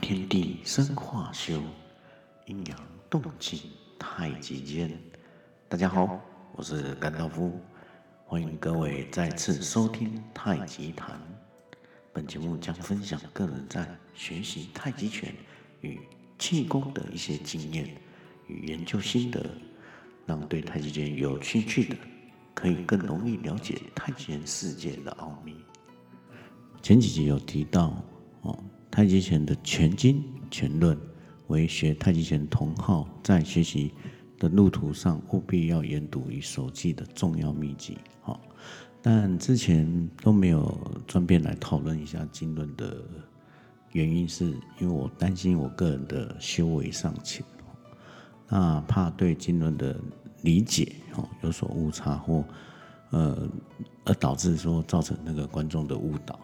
天地生化修，陰陽動靜太極間。大家好，我是甘道夫，歡迎各位再次收聽《太極談》。本節目將分享個人在學習太極拳與氣功的一些經驗與研究心得，讓對太極拳有興趣的可以更容易了解太極拳世界的奧秘。前幾集有提到哦。太極拳的拳經拳論為學太極拳同好，在學習的路途上務必要研讀與熟記的重要秘籍。哦。但之前都沒有專門來討論一下經論的原因，是因為我擔心我個人的修為尚淺，那怕對經論的理解哦有所誤差或呃而導致說造成那個觀眾的誤導。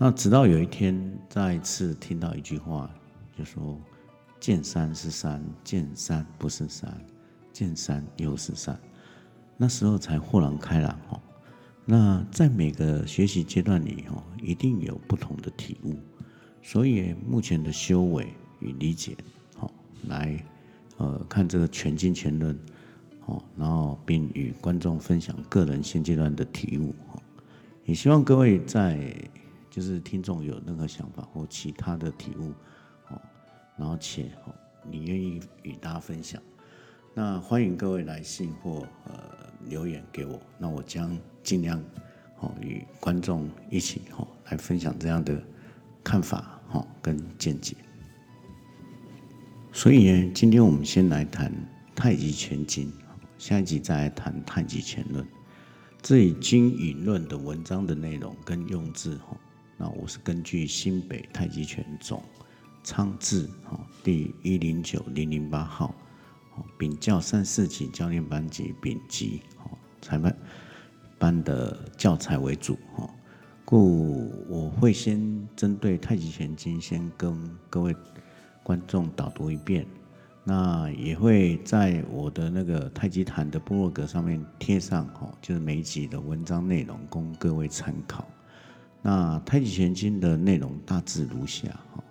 那直到有一天再次聽到一句話，就說“見山是山，見山不是山，見山又是山”，那時候才豁然開朗哦。那在每個學習階段裡哦，一定有不同的體悟，所以目前的修為與理解，好來呃看這個拳經拳論，好，然後並與觀眾分享個人現階段的體悟哦。也希望各位在。就是聽眾有任何想法或其他的體悟，然後且你願意與大家分享，那歡迎各位來信或呃留言給我，那我將儘量哦與觀眾一起哦來分享這樣的看法跟見解。所以呢，今天我們先來談《太極拳經》，下一集再來談《太極拳論》。這一《經》與《論》的文章的內容跟用字那我是根據新北太極拳總昌字第一零九零零八號丙教三四期教練班及丙級好裁判班的教材為主哈，故我會先針對太極拳經先跟各位觀眾導讀一遍，那也會在我的那個太極談的部落格上面貼上哈，就是每一集的文章內容供各位參考。那《太極拳經》的內容大致如下：哈，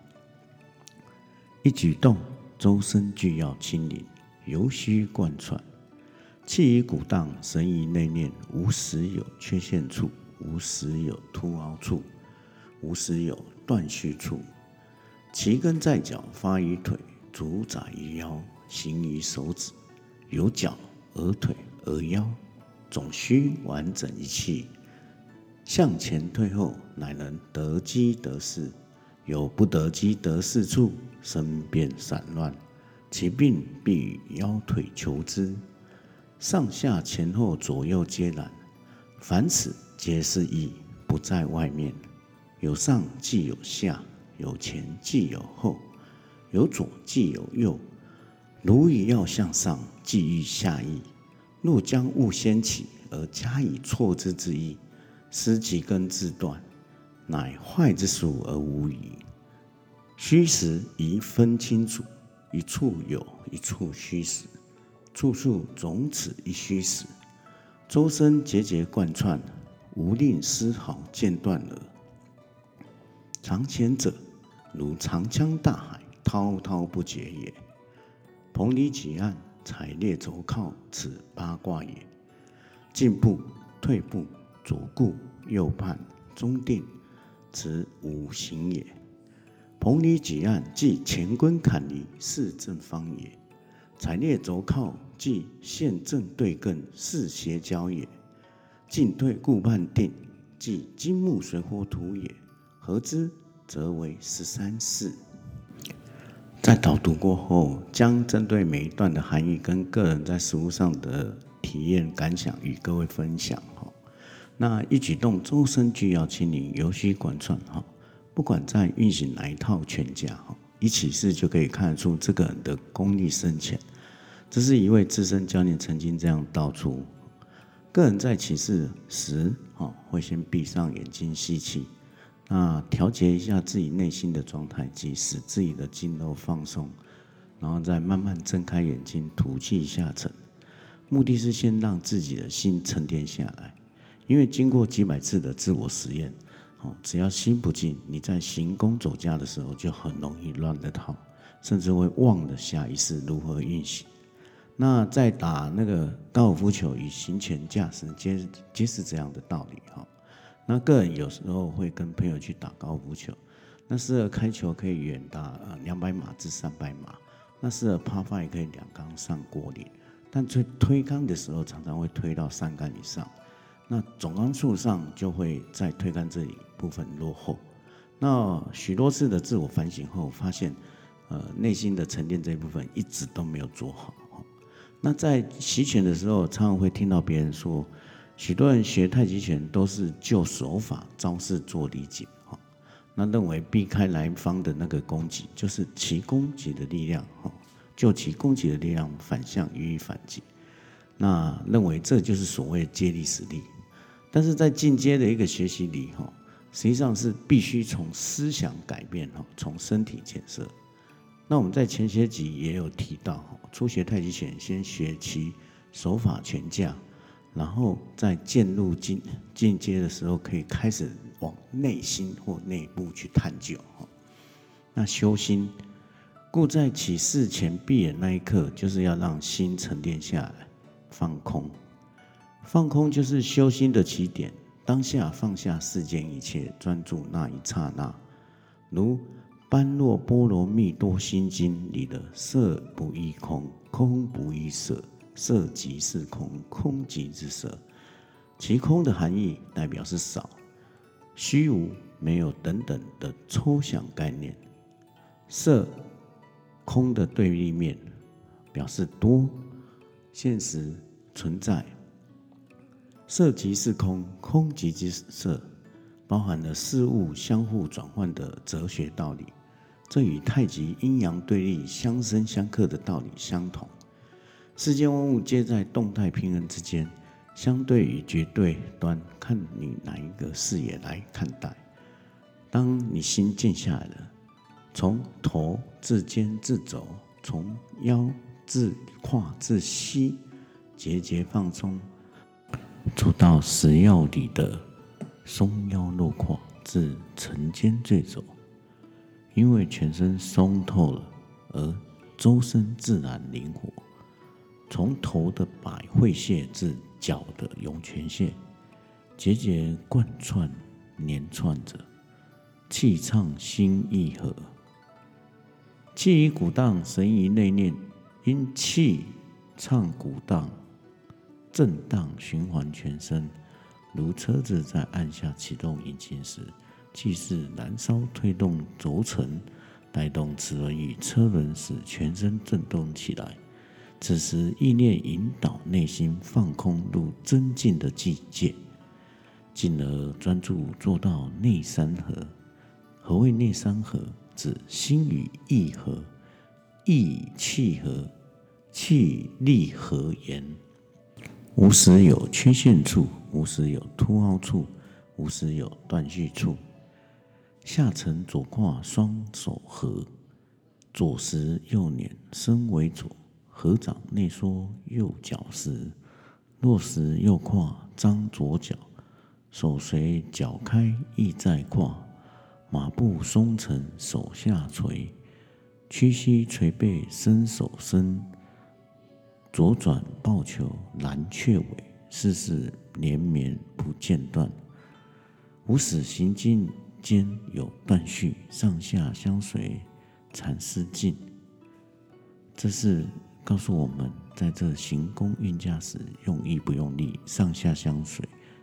一舉動，周身俱要輕靈，尤須貫穿，氣宜鼓盪，神宜內斂。無時有缺陷處，無時有凸凹處，無時有斷續處。其根在腳，發於腿，主宰於腰，形於手指。由腳、而腿、而腰，總須完整一氣。向前退後，乃能得機得勢；有不得機得勢處，身便散亂，其病必於腰腿求之。上下前後左右皆然。凡此皆是意，不在外面。有上即有下，有前即有後，有左即有右。如意要向上，即欲下意；若將物掀起而加以挫之之意。斯其根自斷，乃壞之速而無疑。虛實宜分清楚，一處有一處虛實，處處總此一虛實，周身節節貫穿，無令絲毫間斷耳。長拳者如長江大海，滔滔不絕也。掤捋擠按，採挒肘靠，此八卦也。進步退步。左顧右盼，中定，此五行也。掤捋擠按即乾坤坎離四正方也。採挒肘靠即巽震兌艮四斜交也。進退顧盼定即金木水火土也。合之則為十三勢。在導讀過後，將針對每一段的含義跟個人在實務上的體驗感想與各位分享。那一舉動，周身俱要輕靈，尤須貫串哈。不管在運行哪一套拳架哈，一起勢就可以看出這個人的功力深淺。這是一位資深教練曾經這樣道出：個人在起勢時哈，會先閉上眼睛吸氣，那調節一下自己內心的狀態，即使自己的筋肉放鬆，然後再慢慢睜開眼睛吐氣下沉。目的是先讓自己的心沉澱下來。因為經過幾百次的自我實驗，哦，只要心不靜，你在行功走架的時候就很容易亂了套，甚至會忘了下意識如何運行。那在打那個高爾夫球與行拳架式皆皆是這樣的道理哈。那個人有時候會跟朋友去打高爾夫球，那時而開球可以遠達兩百碼至三百碼，那時而趴發也可以兩桿上果嶺，但最推推桿的時候常常會推到三桿以上。那總綱處上就會在推干這一部分落後。那許多次的自我反省後，發現，呃，內心的沉澱這一部分一直都沒有做好。那在習拳的時候，常常會聽到別人說，許多人學太極拳都是就手法招式做理解，哈，那認為避開來方的那個攻擊，就是其攻擊的力量，哈，就其攻擊的力量反向予以反擊。那認為這就是所謂的借力使力。但是在進階的一個學習裡，哈，實際上是必須從思想改變，哈，從身體建設。那我們在前些集也有提到，初學太極拳先學其手法拳架，然後在漸入進進階的時候，可以開始往內心或內部去探究，哈。那修心，故在起勢前閉眼那一刻，就是要讓心沉澱下來，放空。放空就是修心的起點。當下放下世間一切，專注那一剎那。如《般若波羅蜜多心經》裡的“色不異空，空不異色，色即是空，空即是色”。其空的含義代表是少、虛無、沒有等等的抽象概念。色空的對立面，表示多、現實存在。色即是空，空即是色，包含了事物相互轉換的哲學道理。這與太極陰陽對立、相生相剋的道理相同。世間萬物皆在動態平衡之間，相對於絕對端，看你哪一個視野來看待。當你心靜下來了，從頭至肩至肘，從腰至胯至膝，節節放鬆。做到十要裡的鬆腰落胯，至沉肩墜肘，因為全身鬆透了，而周身自然靈活。從頭的百會穴至腳的湧泉穴，節節貫串，連串着，氣暢心意合，氣以鼓盪，神以內斂，因氣暢鼓蕩。震盪循環全身，如車子在按下啟動引擎時，氣是燃燒推動軸承，帶動齒輪與車輪，使全身震動起來。此時意念引導內心放空，入真靜的境界，進而專注做到內三合。何謂內三合？指心與意合，意氣合，氣力合言。無時有缺陷處，無時有凸凹處，無時有斷續處。下沉左胯，雙手合；左時右臉身為左，合掌內縮右腳時，落時右胯張左腳，手隨腳開意在胯，馬步鬆沉手下垂，屈膝垂背伸手伸。左轉抱球，攬雀尾，勢勢連綿不間斷。無使行進間有斷續，上下相隨，纏絲勁。這是告訴我們，在這行功運架時，用意不用力，上下相隨，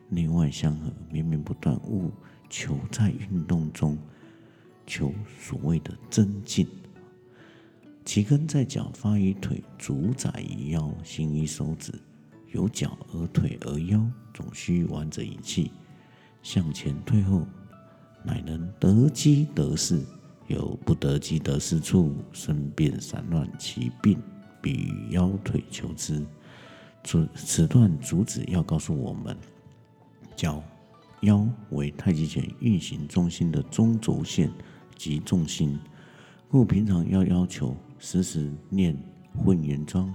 內外相合，綿綿不斷，務求在運動中求所謂的增進。其根在腳，發於腿，主宰於腰，形於手指。由腳而腿而腰，總須完整一氣，向前退後，乃能得機得勢。有不得機得勢處，身便散亂，其病必於腰腿求之。此此段主旨要告訴我們：腳、腰為太極拳運行中心的中軸線及重心，故平常要要求。時時練混元樁、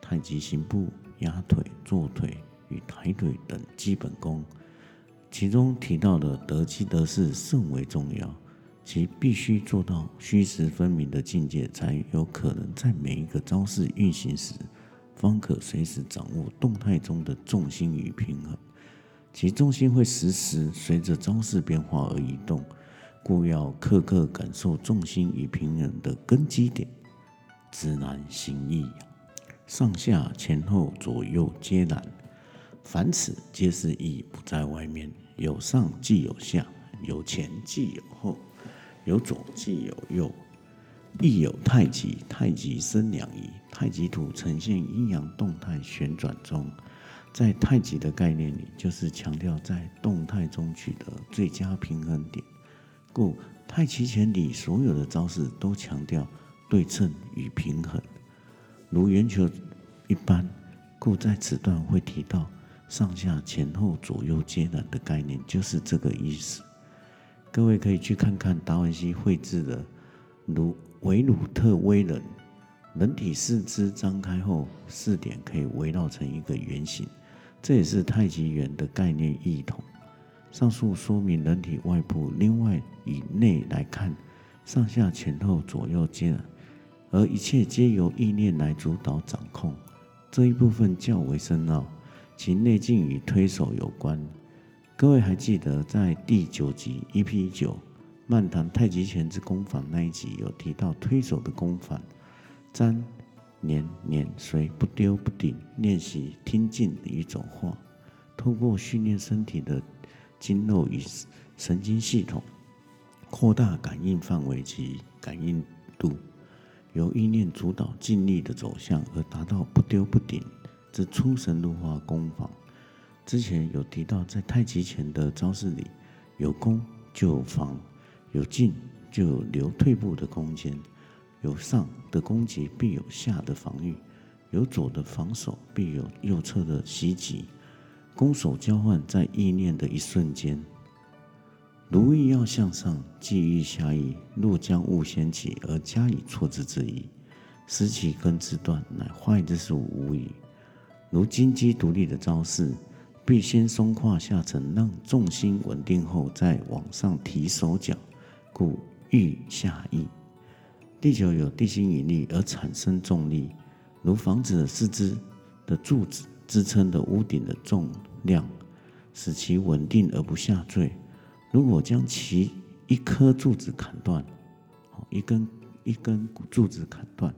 太極行步、壓腿、坐腿與抬腿等基本功，其中提到的得機得勢甚為重要，其必須做到虛實分明的境界，才有可能在每一個招式運行時，方可隨時掌握動態中的重心與平衡。其重心會時時隨着招式變化而移動，故要刻刻感受重心與平衡的根基點。知難行易，上下前後左右皆然。凡此皆是意不在外面，有上即有下，有前即有後，有左即有右。亦有太極，太極生兩儀，太極圖呈現陰陽動態旋轉中。在太極的概念裡，就是強調在動態中取得最佳平衡點。故太極拳裡所有的招式都強調。對稱與平衡，如圓球一般，故在此段會提到上下前後左右皆然的概念，就是這個意思。各位可以去看看達文西繪制的《如維魯特威人》，人體四肢張開後，四點可以圍繞成一個圓形，這也是太極圓的概念異同。上述說明人體外部，另外以內來看，上下前後左右皆然。而一切皆由意念來主導掌控，這一部分較為深奧，其內勁與推手有關。各位還記得在第九集 EP 九《漫談太極拳之攻防》那一集有提到推手的攻防，粘、連，碾、隨，不丟不頂。練習聽勁與走化，通過訓練身體的經絡與神經系統，擴大感應範圍及感應度。由意念主導勁力的走向，而達到不丟不頂之出神入化攻防。之前有提到，在太極拳的招式裡，有攻就有防，有進就有留退步的空間，有上的攻擊必有下的防禦，有左的防守必有右側的襲擊，攻守交換在意念的一瞬間。如意要向上，即欲下意；若將物掀起而加以挫之之意，使其根枝斷，乃壞之術無疑。如金雞獨立的招式，必先鬆胯下沉，讓重心穩定後，再往上提手腳。故欲下意。地球有地心引力而產生重力，如房子的四肢的柱子支撐的屋頂的重量，使其穩定而不下墜。如果將其一顆柱子砍斷，一根一根柱子砍斷，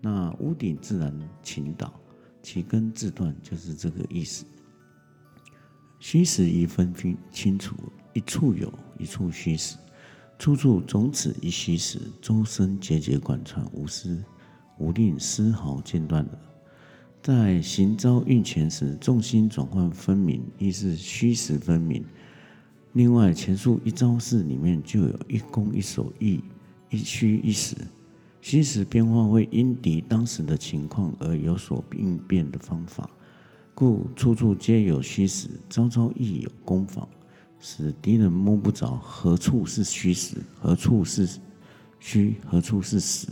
那屋頂自然傾倒，其根自斷，就是這個意思。虛實一分分清楚，一處有一處虛實，處處總此一虛實，周身節節貫穿，無絲無令絲毫間斷的。在行招運拳時，重心轉換分明，亦是虛實分明。另外，前述一招式裡面就有一攻一守亦、一虛一實，虛實變化會因敵當時的情況而有所應變的方法，故處處皆有虛實，招招亦有攻防，使敵人摸不着何處是虛實，何處是虛，何處是實。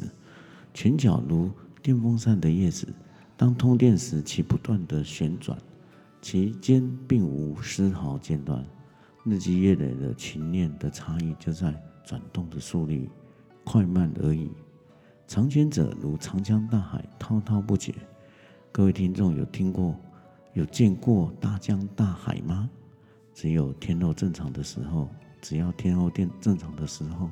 拳腳如電風扇的葉子，當通電時，其不斷的旋轉，其間並無絲毫間斷。日積月累的勤練的差異就在轉動的速率快慢而已。長拳者如長江大海，滔滔不絕。各位聽眾有聽過、有見過大江大海嗎？只有天候正常的時候，只要天候正常的時候，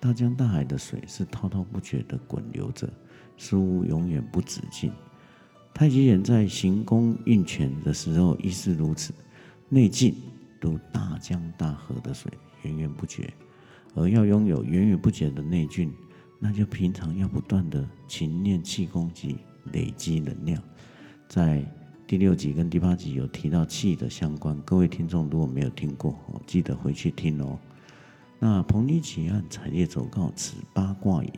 大江大海的水是滔滔不絕的滾流着，似乎永遠不止境。太極拳在行功運拳的時候亦是如此，內勁。大江大河的水源源不絕，而要擁有源源不絕的內勁，那就平常要不斷的勤練氣功及累積能量。在第六集跟第八集有提到氣的相關，各位聽眾如果沒有聽過，記得回去聽哦。那掤捋擠按，採挒肘靠，此八卦也。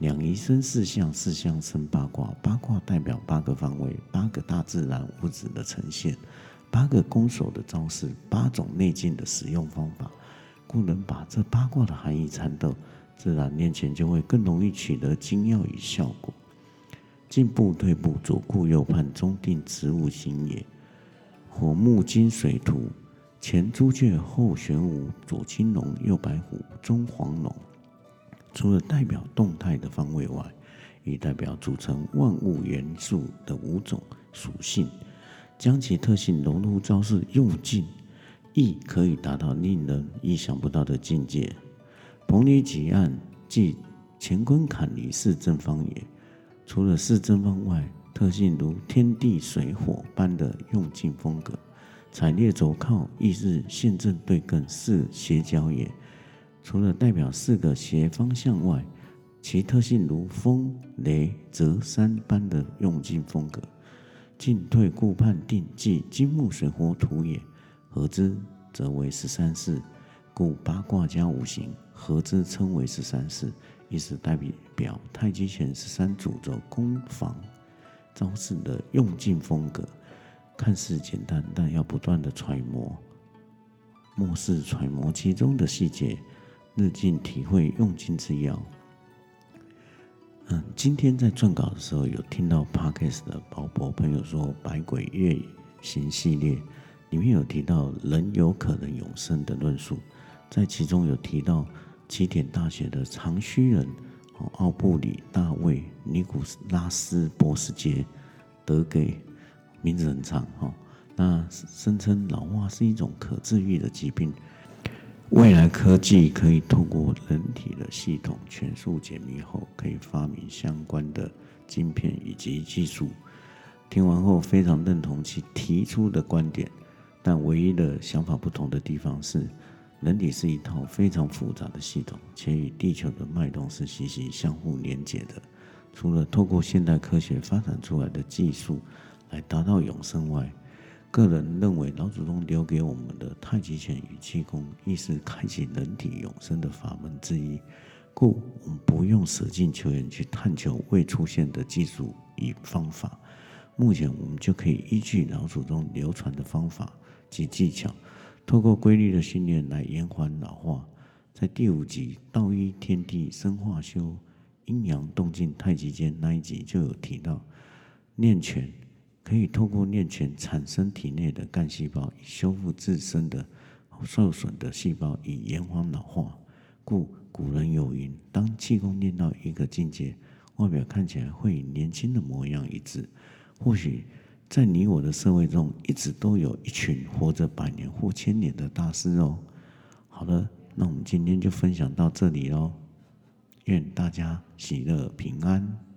兩儀生四象，四象生八卦，八卦代表八個方位，八個大自然物質的呈現。八個攻守的招式，八種內勁的使用方法，故能把這八卦的含義參透，自然練拳就會更容易取得精要與效果，進步退步，左顧右盼，中定植物行也。火木金水土，前朱雀後玄武，左青龍右白虎，中黃龍。除了代表動態的方位外，也代表組成萬物元素的五種屬性。將其特性融入招式用，用勁亦可以達到令人意想不到的境界。掤捋擠按即乾坤坎離四正方也，除了四正方外，特性如天地水火般的用勁風格。採挒肘靠亦是巽震兌艮四斜角也，除了代表四個斜方向外，其特性如風雷澤山般的用勁風格。進退顧盼定，即金木水火土也。合之則為十三式，故八卦加五行合之稱為十三式，意思代表太極拳十三組的攻防招式的用勁風格。看似簡單，但要不斷的揣摩，末視揣摩其中的細節，日進體會用勁之要。嗯，今天在撰稿的時候，有聽到 Parkes 的鮑勃朋友說，《百鬼夜行》系列裡面有提到人有可能永生的論述，在其中有提到奇點大學的長鬚人奧布里·大衛·尼古拉斯·波斯杰德給名字很長哈、哦，那聲稱老化是一種可治癒的疾病。未來科技可以透過人體的系統全數解密後，可以發明相關的鏡片以及技術。聽完後非常認同其提出的觀點，但唯一的想法不同的地方是，人體是一套非常複雜的系統，且與地球的脈動是息息相互連接的。除了透過現代科學發展出來的技術來達到永生外，個人認為，老祖宗留給我們的太極拳與氣功，亦是開啟人體永生的法門之一。故，我們不用捨近求遠去探求未出現的技術與方法。目前，我們就可以依據老祖宗流傳的方法及技巧，透過規律的訓練來延緩老化。在第五集《道依天地生化修陰陽動靜太極間》那一集就有提到練拳。可以透過練拳產生體內的幹細胞，以修復自身的受損的細胞，以延緩老化。故古人有云：當氣功練到一個境界，外表看起來會與年輕的模樣一致。或許在你我的社會中，一直都有一群活着百年或千年的大師哦。好的，那我們今天就分享到這裡嘍。願大家喜樂平安。